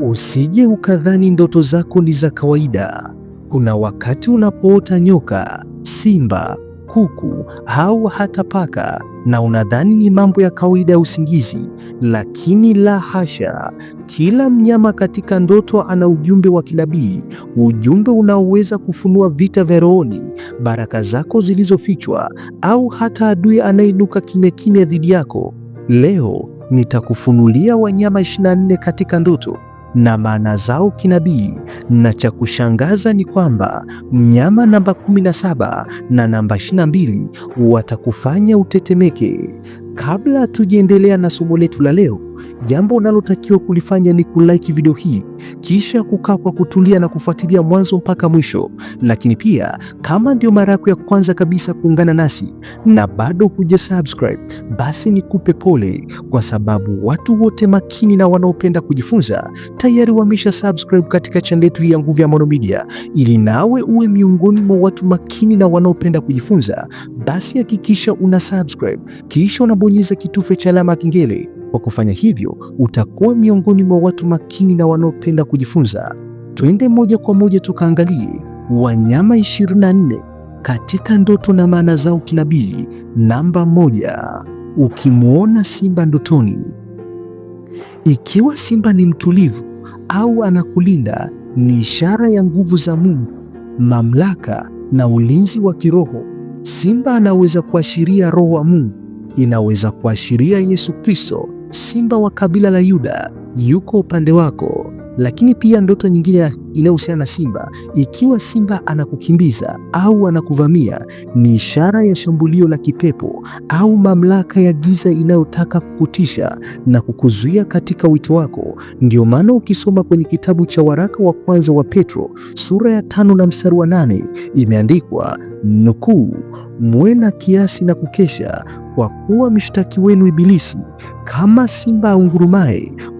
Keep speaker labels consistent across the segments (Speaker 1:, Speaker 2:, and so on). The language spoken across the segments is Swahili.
Speaker 1: Usije ukadhani ndoto zako ni za kawaida. Kuna wakati unapoota nyoka, simba, kuku au hata paka na unadhani ni mambo ya kawaida ya usingizi, lakini la hasha. Kila mnyama katika ndoto ana ujumbe wa kinabii, ujumbe unaoweza kufunua vita vya rohoni, baraka zako zilizofichwa, au hata adui anayeinuka kimya kimya dhidi yako. Leo nitakufunulia wanyama 24 katika ndoto na maana zao kinabii, na cha kushangaza ni kwamba mnyama namba 17 na namba 22 watakufanya utetemeke. Kabla tujiendelea na somo letu la leo jambo unalotakiwa kulifanya ni kulike video hii kisha kukaa kwa kutulia na kufuatilia mwanzo mpaka mwisho. Lakini pia kama ndio mara yako ya kwanza kabisa kuungana nasi na bado subscribe, basi nikupe pole, kwa sababu watu wote makini na wanaopenda kujifunza tayari wamesha subscribe katika chaneli yetu hii ya Nguvu ya Maono Media. Ili nawe uwe miongoni mwa watu makini na wanaopenda kujifunza, basi hakikisha una subscribe kisha unabonyeza kitufe cha alama kengele kwa kufanya hivyo, utakuwa miongoni mwa watu makini na wanaopenda kujifunza. Twende moja kwa moja tukaangalie wanyama 24 katika ndoto na maana zao kinabii. Namba moja, ukimwona simba ndotoni. Ikiwa simba ni mtulivu au anakulinda, ni ishara ya nguvu za Mungu, mamlaka na ulinzi wa kiroho. Simba anaweza kuashiria roho wa Mungu, inaweza kuashiria Yesu Kristo simba wa kabila la Yuda yuko upande wako. Lakini pia ndoto nyingine inayohusiana na simba, ikiwa simba anakukimbiza au anakuvamia, ni ishara ya shambulio la kipepo au mamlaka ya giza inayotaka kukutisha na kukuzuia katika wito wako. Ndio maana ukisoma kwenye kitabu cha waraka wa kwanza wa Petro sura ya tano na mstari wa nane imeandikwa nukuu, mwena na kiasi na kukesha kwa kuwa mshtaki wenu Ibilisi kama simba huzunguka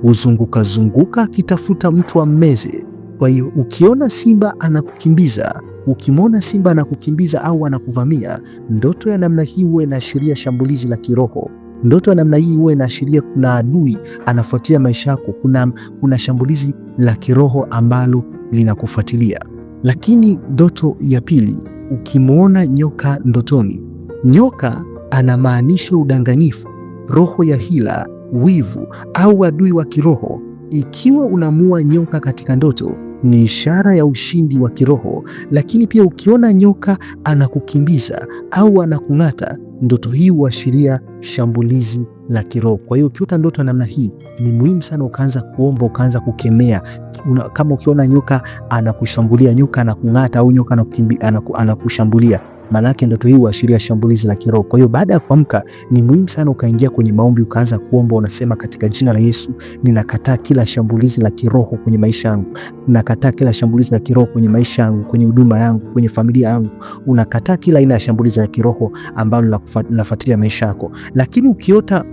Speaker 1: huzungukazunguka akitafuta mtu ammeze. Kwa hiyo ukiona simba anakukimbiza ukimwona simba anakukimbiza au anakuvamia, ndoto ya namna hii huwe inaashiria shambulizi la kiroho. Ndoto ya namna hii huwe inaashiria kuna adui anafuatia maisha yako, kuna, kuna shambulizi la kiroho ambalo linakufuatilia. Lakini ndoto ya pili, ukimwona nyoka ndotoni, nyoka anamaanisha udanganyifu, roho ya hila, wivu au adui wa kiroho. Ikiwa unamua nyoka katika ndoto ni ishara ya ushindi wa kiroho, lakini pia ukiona nyoka anakukimbiza au anakung'ata, ndoto hii huashiria shambulizi la kiroho. Kwa hiyo ukiota ndoto ya namna hii, ni muhimu sana ukaanza kuomba, ukaanza kukemea. Kama ukiona nyoka anakushambulia, nyoka anakung'ata au nyoka anakushambulia, Maanake ndoto hii huashiria shambulizi la kiroho. Kwa hiyo baada ya kuamka, ni muhimu sana ukaingia kwenye maombi, ukaanza kuomba, unasema katika jina la Yesu, ninakataa kila shambulizi la kiroho kwenye maisha yangu, nakataa kila shambulizi la kiroho kwenye maisha yangu, kwenye huduma yangu, kwenye familia yangu. Unakataa kila aina ya shambulizi la kiroho ambalo linafuatilia maisha yako. Lakini ukiota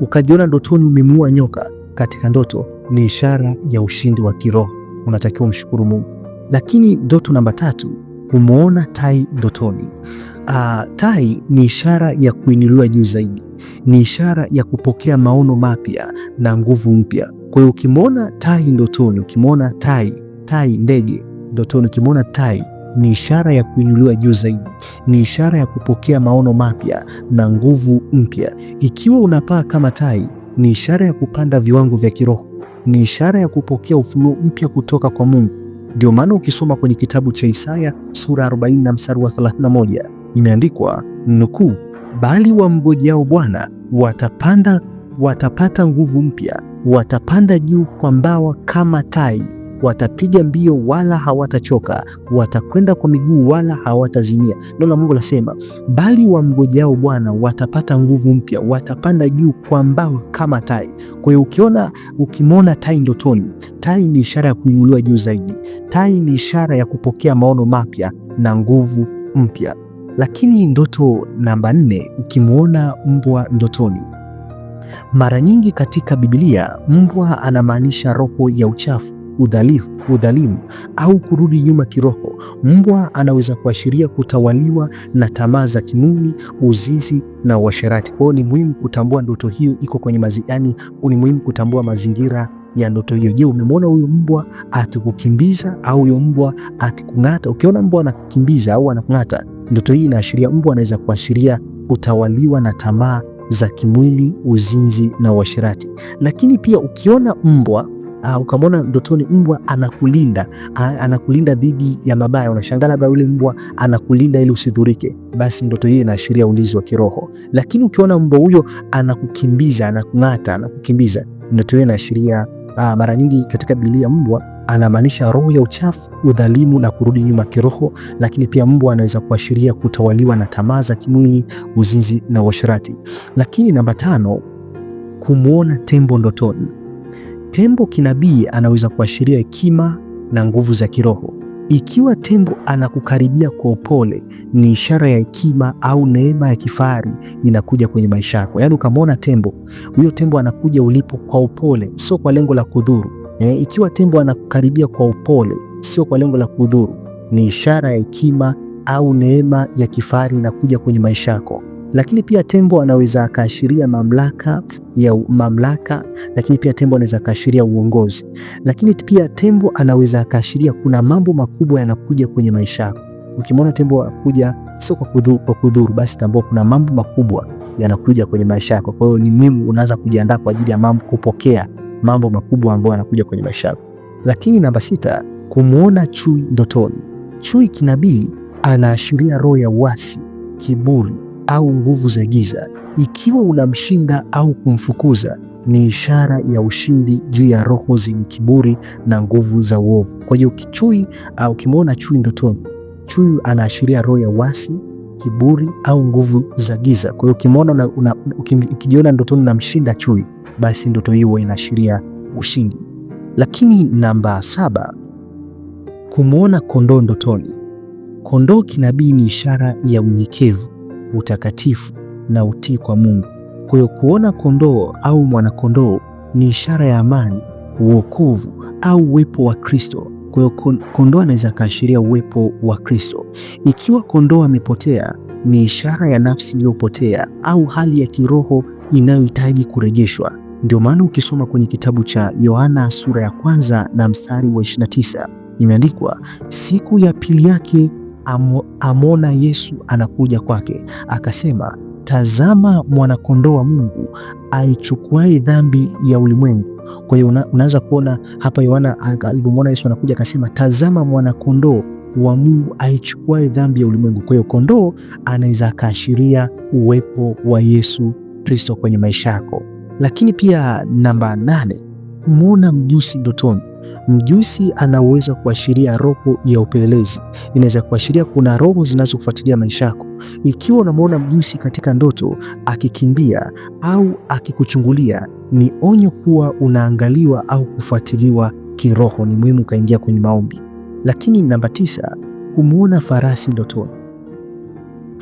Speaker 1: ukajiona ndotoni umemuua nyoka katika ndoto, ni ishara ya ushindi wa kiroho, unatakiwa mshukuru Mungu. Lakini ndoto namba tatu kumwona tai ndotoni. Uh, tai ni ishara ya kuinuliwa juu zaidi, ni ishara ya kupokea maono mapya na nguvu mpya. Kwa hiyo ukimwona tai ndotoni, ukimwona tai tai ndege ndotoni, ukimwona tai ni ishara ya kuinuliwa juu zaidi, ni ishara ya kupokea maono mapya na nguvu mpya. Ikiwa unapaa kama tai, ni ishara ya kupanda viwango vya kiroho, ni ishara ya kupokea ufunuo mpya kutoka kwa Mungu. Ndio maana ukisoma kwenye kitabu cha Isaya sura 40 na mstari wa 31 imeandikwa nukuu, bali wamgojao Bwana watapanda, watapata nguvu mpya, watapanda juu kwa mbawa kama tai watapiga mbio wala hawatachoka, watakwenda kwa miguu wala hawatazimia. Ndio Mungu anasema, bali mgojao Bwana watapata nguvu mpya, watapanda juu kwa mbawa kama tai. Kwa hiyo ukiona ukimwona tai ndotoni, tai ni ishara ya kuinuliwa juu zaidi. Tai ni ishara ya kupokea maono mapya na nguvu mpya. Lakini ndoto namba nne, ukimwona mbwa ndotoni mara nyingi katika Biblia mbwa anamaanisha roho ya uchafu, udhalifu, udhalimu au kurudi nyuma kiroho. Mbwa anaweza kuashiria kutawaliwa na tamaa za kimwili, uzinzi na uasherati. kwao ni muhimu kutambua ndoto hiyo iko kwenye mazi, yani ni muhimu kutambua mazingira ya ndoto hiyo. Je, umemwona huyo mbwa akikukimbiza au huyo mbwa akikung'ata? Ukiona mbwa anakukimbiza au anakung'ata, ndoto hii inaashiria mbwa anaweza kuashiria kutawaliwa na tamaa za kimwili, uzinzi na uasherati. Lakini pia ukiona mbwa uh, ukamwona ndotoni mbwa anakulinda, uh, anakulinda dhidi ya mabaya. Unashangaa labda yule mbwa anakulinda ili usidhurike, basi ndoto hiyo inaashiria ulinzi wa kiroho. Lakini ukiona mbwa huyo anakukimbiza, anakung'ata, anakukimbiza, ndoto hiyo inaashiria uh, mara nyingi katika Biblia mbwa anamaanisha roho ya uchafu, udhalimu na kurudi nyuma kiroho. Lakini pia mbwa anaweza kuashiria kutawaliwa na tamaa za kimwili, uzinzi na uasherati. Lakini namba tano, kumwona tembo ndotoni Tembo kinabii anaweza kuashiria hekima na nguvu za kiroho. Ikiwa tembo anakukaribia kwa upole, ni ishara ya hekima au neema ya kifahari inakuja kwenye maisha yako. Yaani ukamwona tembo, huyo tembo anakuja ulipo kwa upole, sio kwa lengo la kudhuru. E, ikiwa tembo anakukaribia kwa upole, sio kwa lengo la kudhuru, ni ishara ya hekima au neema ya kifahari inakuja kwenye maisha yako. Lakini pia tembo anaweza akaashiria mamlaka ya mamlaka, lakini pia tembo anaweza akaashiria uongozi, lakini pia tembo anaweza akaashiria kuna mambo makubwa yanakuja kwenye maisha yako. Ukimwona tembo anakuja sio kwa kudhuru, kwa kudhuru, basi tambua kuna mambo makubwa yanakuja kwenye maisha yako. Kwa hiyo ni muhimu unaanza kujiandaa kwa ajili ya mambo, kupokea mambo makubwa ambayo yanakuja kwenye maisha yako. Lakini namba sita, kumwona chui ndotoni. Chui kinabii anaashiria roho ya uasi, kiburi au nguvu za giza, ikiwa unamshinda au kumfukuza ni ishara ya ushindi juu ya roho zenye kiburi na nguvu za uovu. Kwa hiyo kichui au ukimwona chui ndotoni, chui anaashiria roho ya wasi kiburi au nguvu za giza. Kwa hiyo ukimwona, ukijiona ndotoni unamshinda chui, basi ndoto hiyo inaashiria ushindi. Lakini namba saba, kumwona kondoo ndotoni. Kondoo kinabii ni ishara ya unyekevu utakatifu na utii kwa Mungu. Kwa hiyo kuona kondoo au mwanakondoo ni ishara ya amani, uokovu au uwepo wa Kristo. Kwa hiyo kondoo anaweza akaashiria uwepo wa Kristo. Ikiwa kondoo amepotea, ni ishara ya nafsi iliyopotea au hali ya kiroho inayohitaji kurejeshwa. Ndio maana ukisoma kwenye kitabu cha Yohana sura ya kwanza na mstari wa 29 imeandikwa, siku ya pili yake amona Yesu anakuja kwake, akasema, tazama mwanakondoo wa Mungu aichukuae dhambi ya ulimwengu. Kwa hiyo unaanza kuona hapa Yohana alipomwona Yesu anakuja akasema, tazama mwanakondoo wa Mungu aichukuae dhambi ya ulimwengu. Kwa hiyo kondoo anaweza akaashiria uwepo wa Yesu Kristo kwenye maisha yako. Lakini pia namba nane, mwona mjusi ndotoni. Mjusi anaweza kuashiria roho ya upelelezi, inaweza kuashiria kuna roho zinazofuatilia maisha yako. Ikiwa unamwona mjusi katika ndoto akikimbia au akikuchungulia, ni onyo kuwa unaangaliwa au kufuatiliwa kiroho. Ni muhimu ukaingia kwenye maombi. Lakini namba tisa, kumwona farasi ndotoni.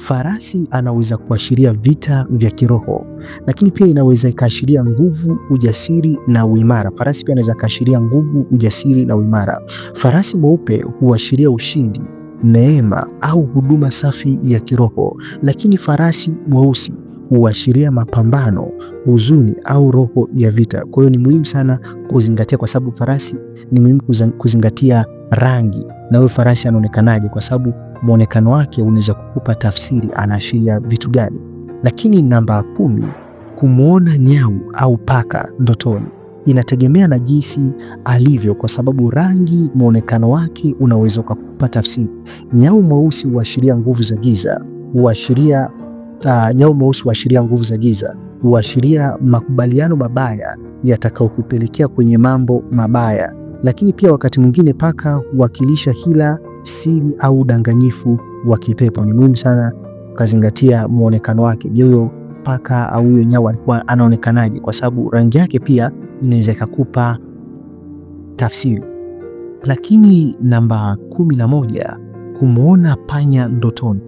Speaker 1: Farasi anaweza kuashiria vita vya kiroho, lakini pia inaweza ikaashiria nguvu, ujasiri na uimara. Farasi pia anaweza kaashiria nguvu, ujasiri na uimara. Farasi mweupe huashiria ushindi, neema au huduma safi ya kiroho, lakini farasi mweusi huashiria mapambano, huzuni au roho ya vita. Kwa hiyo ni muhimu sana kuzingatia, kwa sababu farasi ni muhimu kuzingatia rangi na huyo farasi anaonekanaje, kwa sababu mwonekano wake unaweza kukupa tafsiri anaashiria vitu gani. Lakini namba kumi, kumwona nyau au paka ndotoni inategemea na jinsi alivyo, kwa sababu rangi, mwonekano wake unaweza ukakupa tafsiri. Nyau mweusi huashiria nguvu za giza, huashiria uh, nyau mweusi huashiria nguvu za giza, huashiria makubaliano mabaya yatakayokupelekea kwenye mambo mabaya. Lakini pia wakati mwingine paka huwakilisha hila siri au udanganyifu wa kipepo. Ni muhimu sana ukazingatia muonekano wake. Je, huyo paka au huyo nyau alikuwa anaonekanaje? Kwa sababu rangi yake pia inaweza ikakupa tafsiri. Lakini namba kumi na moja, kumwona panya ndotoni.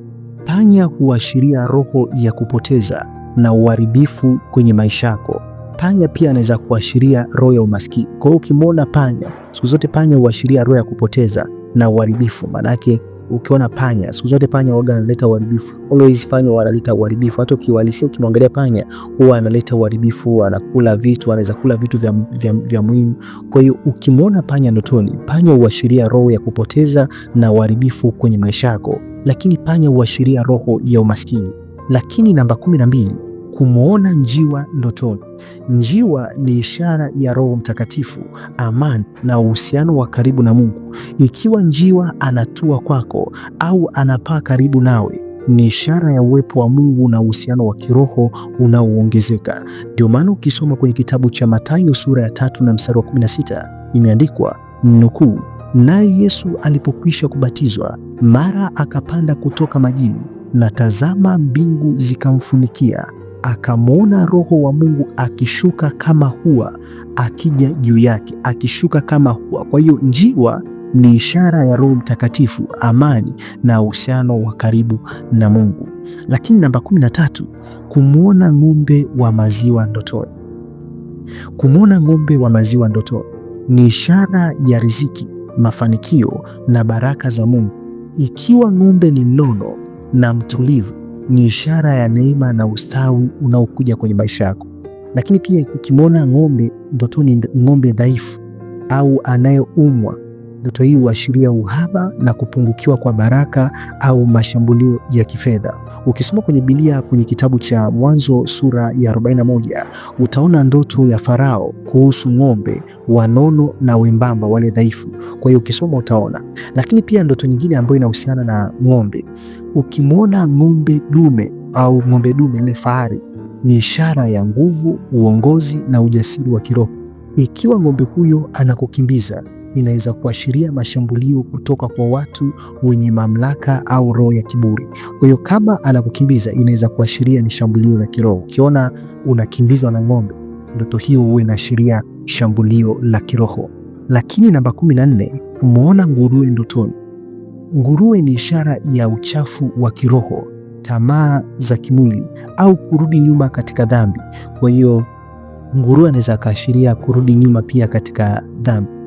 Speaker 1: Panya huashiria roho ya kupoteza na uharibifu kwenye maisha yako. Panya pia anaweza kuashiria roho ya umaskini. Kwa hiyo ukimwona panya, siku zote panya huashiria roho ya kupoteza na uharibifu. Maanake ukiona panya, siku zote panya huwa analeta uharibifu, always panya analeta uharibifu. Hata ukiwalisi, ukimwangalia panya huwa analeta uharibifu, anakula vitu, anaweza kula vitu vya, vya, vya muhimu. Kwa hiyo ukimwona panya ndotoni, panya huashiria roho ya kupoteza na uharibifu kwenye maisha yako, lakini panya huashiria roho ya umaskini. Lakini namba kumi na mbili kumwona njiwa ndotoni. Njiwa ni ishara ya Roho Mtakatifu, amani na uhusiano wa karibu na Mungu. Ikiwa njiwa anatua kwako au anapaa karibu nawe ni ishara ya uwepo wa Mungu na uhusiano wa kiroho unaoongezeka. Ndio maana ukisoma kwenye kitabu cha Mathayo sura ya tatu na mstari wa 16 imeandikwa nukuu, naye Yesu alipokwisha kubatizwa, mara akapanda kutoka majini, na tazama, mbingu zikamfunikia akamwona Roho wa Mungu akishuka kama hua, akija juu yake, akishuka kama hua. Kwa hiyo njiwa ni ishara ya Roho Mtakatifu, amani na uhusiano wa karibu na Mungu. Lakini namba 1tatu kumwona ng'ombe wa maziwa ndotoni. Kumwona ng'ombe wa maziwa ndotoni ni ishara ya riziki, mafanikio na baraka za Mungu. Ikiwa ng'ombe ni mnono na mtulivu ni ishara ya neema na ustawi unaokuja kwenye maisha yako. Lakini pia ukimwona ng'ombe ndotoni, ng'ombe dhaifu au anayeumwa Ndoto hii huashiria uhaba na kupungukiwa kwa baraka au mashambulio ya kifedha. Ukisoma kwenye Biblia kwenye kitabu cha Mwanzo sura ya 41 utaona ndoto ya Farao kuhusu ng'ombe wanono na wembamba wale dhaifu. Kwa hiyo ukisoma utaona, lakini pia ndoto nyingine ambayo inahusiana na ng'ombe, ukimwona ng'ombe dume au ng'ombe dume ile fahari, ni ishara ya nguvu, uongozi na ujasiri wa kiroho. Ikiwa ng'ombe huyo anakukimbiza inaweza kuashiria mashambulio kutoka kwa watu wenye mamlaka au roho ya kiburi. Kwa hiyo kama anakukimbiza inaweza kuashiria ni shambulio la kiroho. Ukiona unakimbizwa na ng'ombe, ndoto hiyo huwa inaashiria shambulio la kiroho. Lakini namba nne, umeona nguruwe ndotoni. Nguruwe ni ishara ya uchafu wa kiroho, tamaa za kimwili au kurudi nyuma katika dhambi. Kwa hiyo nguruwe anaweza akaashiria kurudi nyuma pia katika dhambi.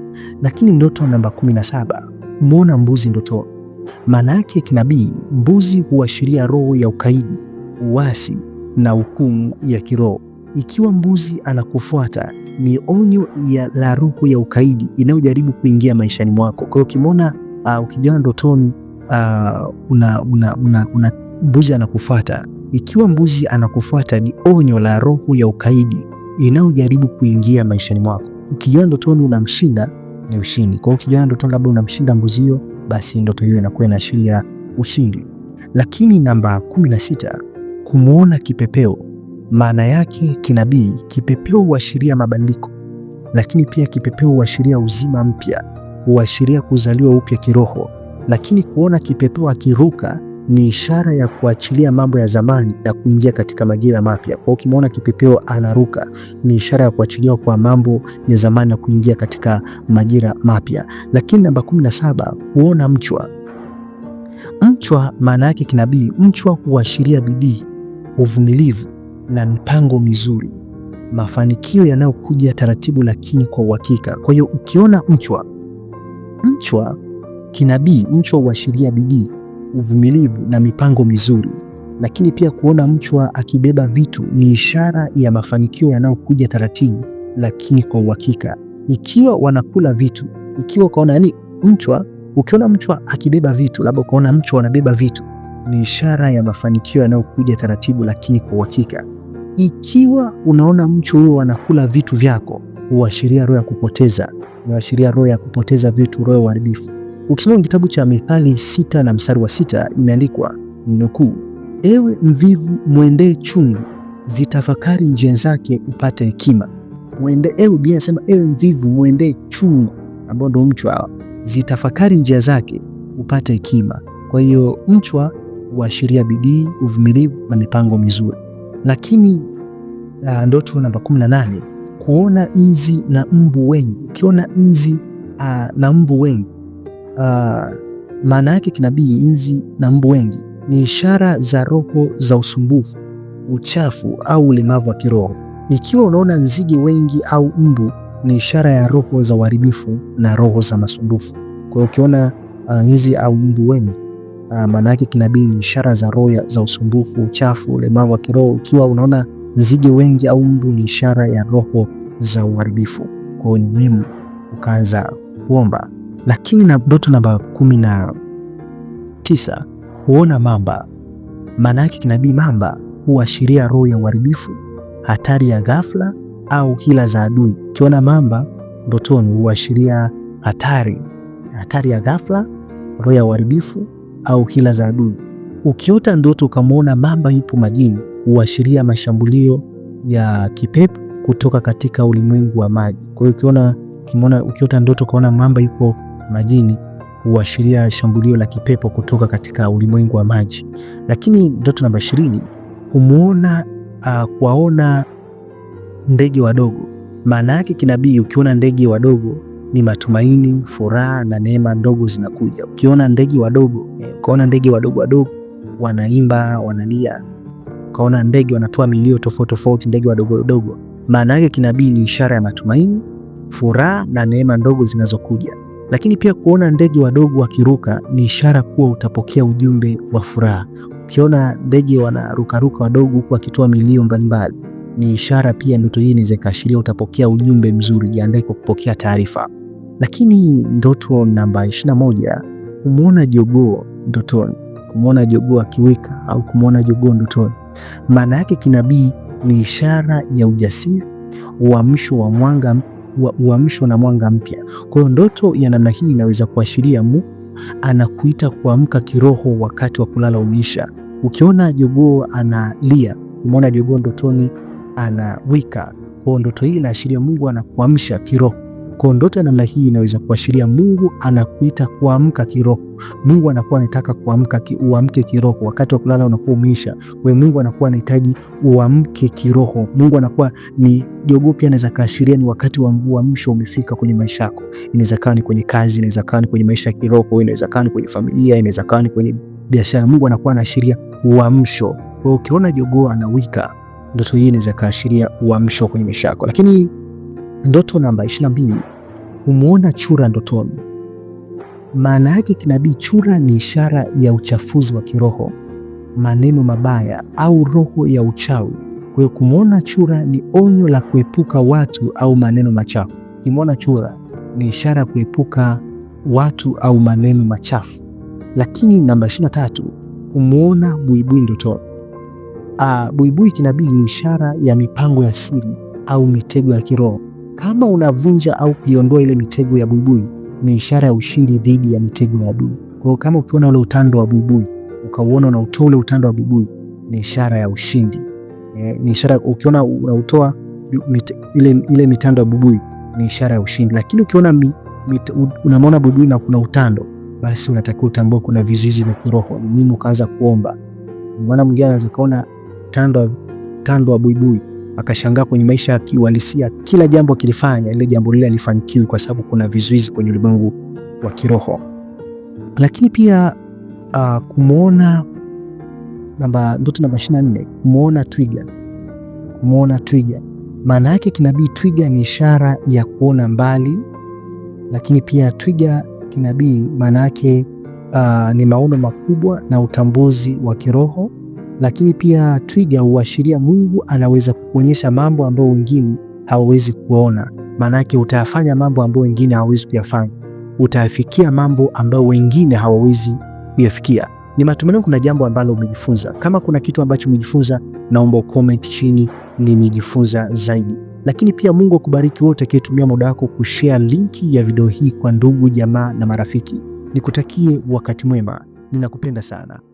Speaker 1: Lakini ndoto namba 17, mwona mbuzi ndotoni. Maana yake kinabii, mbuzi huashiria roho ya ukaidi, uasi na hukumu ya kiroho. Ikiwa mbuzi anakufuata ni onyo ya la roho ya ukaidi inayojaribu kuingia maishani mwako. Kwa hiyo ukimwona uh, ah, ukijiona ndotoni uh, una, una, una, una mbuzi anakufuata, ikiwa mbuzi anakufuata ni onyo la roho ya ukaidi inayojaribu kuingia maishani mwako. Ukijiona ndotoni unamshinda ni ushindi. Kwa hiyo ukijana ndoto labda unamshinda mbuzi hiyo, basi ndoto hiyo inakuwa inaashiria ushindi. Lakini namba kumi na sita, kumwona kipepeo. Maana yake kinabii, kipepeo huashiria mabadiliko, lakini pia kipepeo huashiria uzima mpya, huashiria kuzaliwa upya kiroho. Lakini kuona kipepeo akiruka ni ishara ya kuachilia mambo ya zamani na kuingia katika majira mapya. Kwa ukimwona kipepeo anaruka, ni ishara ya kuachiliwa kwa mambo ya zamani na kuingia katika majira mapya. Lakini namba saba, huona mchwa. Mchwa maana yake kinabii, mchwa huashiria bidii, uvumilivu na mipango mizuri, mafanikio yanayokuja taratibu lakini kwa uhakika. Kwa hiyo ukiona mchwa, mchwa kinabii, mchwa huashiria bidii uvumilivu na mipango mizuri. Lakini pia kuona mchwa akibeba vitu ni ishara ya mafanikio yanayokuja taratibu, lakini kwa uhakika. Ikiwa wanakula vitu, ikiwa ukaona, yani mchwa, ukiona mchwa akibeba vitu, labda ukaona mchwa anabeba vitu, ni ishara ya mafanikio yanayokuja taratibu, lakini kwa uhakika. Ikiwa unaona mchwa huyo anakula vitu vyako, huashiria roho ya kupoteza, huashiria roho ya kupoteza vitu, roho ya uharibifu. Ukisoma kitabu cha Mithali sita na mstari wa sita imeandikwa nukuu, ewe mvivu mwendee chungu, zitafakari njia zake upate hekima. Mwende, ewe Biblia inasema ewe mvivu mwendee chungu, ambao ndio mchwa zitafakari njia zake upate hekima. Kwa hiyo mchwa huashiria bidii, uvumilivu na mipango mizuri. Lakini uh, ndoto namba 18 kuona nzi na mbu wengi. Ukiona nzi uh, na mbu wengi uh, maana yake kinabii, nzi na mbu wengi ni ishara za roho za usumbufu, uchafu au ulemavu wa kiroho. Ikiwa unaona nzige wengi au mbu, ni ishara ya roho za uharibifu na roho za masumbufu. Kwa hiyo ukiona uh, ah, nzi au mbu wengi uh, maana yake kinabii ni ishara za roho za usumbufu, uchafu, ulemavu wa kiroho. Ikiwa unaona nzige wengi au mbu, ni ishara ya roho za uharibifu. Kwa hiyo ni muhimu ukaanza kuomba. Lakini na ndoto namba kumi na tisa, huona mamba. Maana yake kinabii mamba huashiria roho ya uharibifu, hatari ya ghafla au hila za adui. Ukiona mamba ndotoni huashiria hatari, hatari ya ghafla, roho ya uharibifu au hila za adui. Ukiota ndoto ukamwona mamba yupo majini, huashiria mashambulio ya kipepo kutoka katika ulimwengu wa maji. Kwa hiyo ukiona ukiota ndoto ukaona mamba yupo majini huashiria shambulio la kipepo kutoka katika ulimwengu wa maji. Lakini ndoto namba ishirini humuona uh, kuwaona ndege wadogo. Maana yake kinabii, ukiona ndege wadogo ni matumaini, furaha na neema ndogo zinakuja. Ukiona ndege wadogo, eh, ukaona ndege wadogo wadogo wanaimba, wanalia, ukaona ndege wanatoa milio tofauti tofauti, ndege wadogo wadogo, maana yake kinabii ni ishara ya matumaini, furaha na neema ndogo zinazokuja. Lakini pia kuona ndege wadogo wakiruka ni ishara kuwa utapokea ujumbe wa furaha. Ukiona ndege wanarukaruka wadogo huku wakitoa milio mbalimbali, ni ishara pia, ndoto hii inaweza ikaashiria utapokea ujumbe mzuri. Jiandae kwa kupokea taarifa. Lakini ndoto namba 21, kumwona jogoo ndotoni. Kumwona jogoo akiwika au kumwona jogoo ndotoni, maana yake kinabii ni ishara ya ujasiri, uamsho wa mwanga uamshwa na mwanga mpya. Kwa hiyo ndoto ya namna hii inaweza kuashiria Mungu anakuita kuamka kiroho wakati wa kulala umeisha. Ukiona jogoo analia, umeona jogoo ndotoni anawika, kwa ndoto hii inaashiria Mungu anakuamsha kiroho. Kwa ndoto namna hii inaweza kuashiria Mungu anakuita kuamka kiroho. Mungu anakuwa anataka kuamka, uamke kiroho. Wakati wa kulala unakuwa umeisha, wewe Mungu anakuwa anahitaji uamke kiroho. Mungu anakuwa ni jogoo, pia anaweza kaashiria ni wakati wa uamsho umefika kwenye maisha yako. Inaweza kaa ni kwenye kazi, inaweza kaa ni kwenye maisha ya kiroho, inaweza kaa ni kwenye familia, inaweza kaa ni kwenye biashara. Mungu anakuwa anaashiria uamsho. Kwa ukiona jogoo anawika, ndoto hii inaweza kaashiria uamsho kwenye maisha yako. Lakini ndoto namba 22 humwona chura ndotoni. Maana yake kinabii, chura ni ishara ya uchafuzi wa kiroho, maneno mabaya au roho ya uchawi. Kwa hiyo kumwona chura ni onyo la kuepuka watu au maneno machafu. Ukimwona chura ni ishara ya kuepuka watu au maneno machafu. Lakini namba 23, kumwona buibui ndotoni. Ah, buibui kinabii ni ishara ya mipango ya siri au mitego ya kiroho. Kama unavunja au kuiondoa ile mitego ya buibui, ni ishara ya ushindi dhidi ya mitego ya adui. Kwa hiyo kama ukiona ule utando wa buibui ukauona unautoa ule utando wa buibui, ni ishara ya ushindi e, ni ishara ukiona unautoa ile, ile mitando ya buibui ni ishara ya ushindi. Lakini ukiona unamona buibui na kuna utando, basi unatakiwa utambue kuna vizuizi vya kiroho, ni muhimu ukaanza kuomba. Maana mwingine anaweza tando tando wa buibui akashangaa kwenye maisha ya kiuhalisia, kila jambo akilifanya ile jambo lile alifanikiwa, kwa sababu kuna vizuizi kwenye ulimwengu wa kiroho. Lakini pia uh, ah, kumwona namba ndoto namba 24 kumwona twiga, kumwona twiga maana yake kinabii, twiga ni ishara ya kuona mbali, lakini pia twiga kinabii maana yake uh, ni maono makubwa na utambuzi wa kiroho lakini pia twiga huashiria Mungu anaweza kukuonyesha mambo ambayo wengine hawawezi kuona, maanake utayafanya mambo ambayo wengine hawawezi kuyafanya, utayafikia mambo ambayo wengine hawawezi kuyafikia. Ni matumaini kuna jambo ambalo umejifunza. Kama kuna kitu ambacho umejifunza, naomba comment chini, nimejifunza zaidi. Lakini pia Mungu akubariki wote akiyetumia muda wako kushare linki ya video hii kwa ndugu, jamaa na marafiki. Nikutakie wakati mwema, ninakupenda sana.